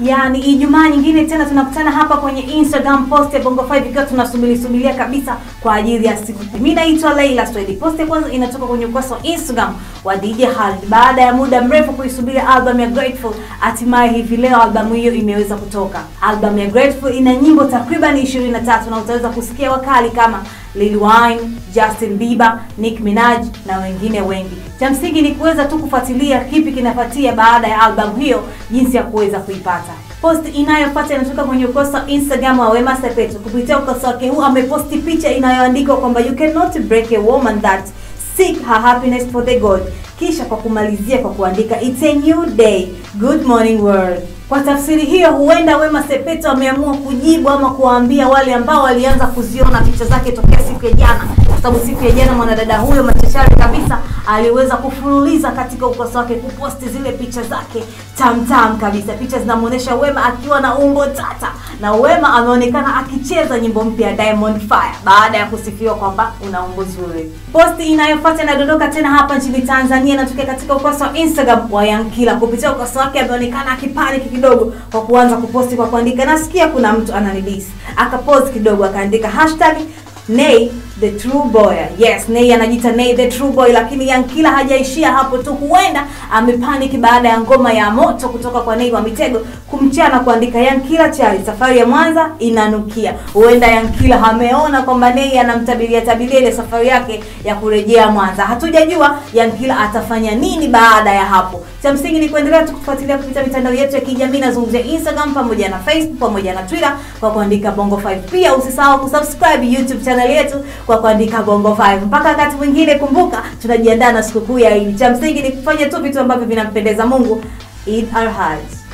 yani Ijumaa nyingine tena tunakutana hapa kwenye Instagram post ya Bongo 5 ikiwa tunasubiri subiria kabisa kwa ajili ya siku. Mimi naitwa Leila Swedi. Post kwanza inatoka kwenye ukurasa wa Instagram wa DJ Khaled. Baada ya muda mrefu kuisubiri album ya Grateful, hatimaye hivi leo albamu hiyo imeweza kutoka. Albamu ya Grateful ina nyimbo takriban 23 na utaweza kusikia wakali kama Lil Wayne, Justin Bieber, Nick Minaj na wengine wengi. Cha msingi ni kuweza tu kufuatilia kipi kinafuatia baada ya albamu hiyo, jinsi ya kuweza kuipata. Post inayofuata inatoka kwenye ukurasa wa Instagram wa Wema Sepetu. Kupitia ukurasa wake huu ameposti picha inayoandikwa kwamba you cannot break a woman that seek her happiness for the God, kisha kwa kumalizia kwa kuandika it's a new day, good morning world. Kwa tafsiri hiyo, huenda Wema Sepetu ameamua kujibu ama kuwaambia wale ambao walianza kuziona picha zake tokea siku ya jana kwa sababu siku ya jana mwanadada huyo machachari kabisa aliweza kufululiza katika ukurasa wake kuposti zile picha zake tamtam kabisa. Picha zinamuonesha Wema akiwa na umbo tata na Wema ameonekana akicheza nyimbo mpya Diamond Fire baada ya kusifiwa kwamba una umbo zuri. Posti inayofuata inadondoka tena hapa nchini Tanzania, inatokea katika ukurasa wa Instagram wa Yankila. Kupitia ukurasa wake ameonekana akipaniki kidogo kwa kuanza kuposti kwa kuandika, nasikia kuna mtu ananidisi. Akapost kidogo akaandika hashtag Nay the true boy. Yes, Nay anajiita Nay the true boy, lakini Yankila hajaishia hapo tu, huenda amepanic baada ya ngoma ya moto kutoka kwa Nay wa Mitego kumchana kuandika Yankila chali, safari ya Mwanza inanukia. Huenda Yankila ameona kwamba Nay anamtabiria tabiria ile safari yake ya kurejea Mwanza. Hatujajua Yankila atafanya nini baada ya hapo, cha msingi ni kuendelea tu kufuatilia kupitia mitandao yetu ya kijamii, nazungumzia Instagram pamoja na Facebook pamoja na Twitter kwa kuandika Bongo 5. Pia usisahau kusubscribe YouTube channel yetu kwa kuandika Bongo 5. Mpaka wakati mwingine, kumbuka tunajiandaa na sikukuu ya Eid. Cha msingi ni kufanya tu vitu ambavyo vinampendeza Mungu. Eid al-Hajj.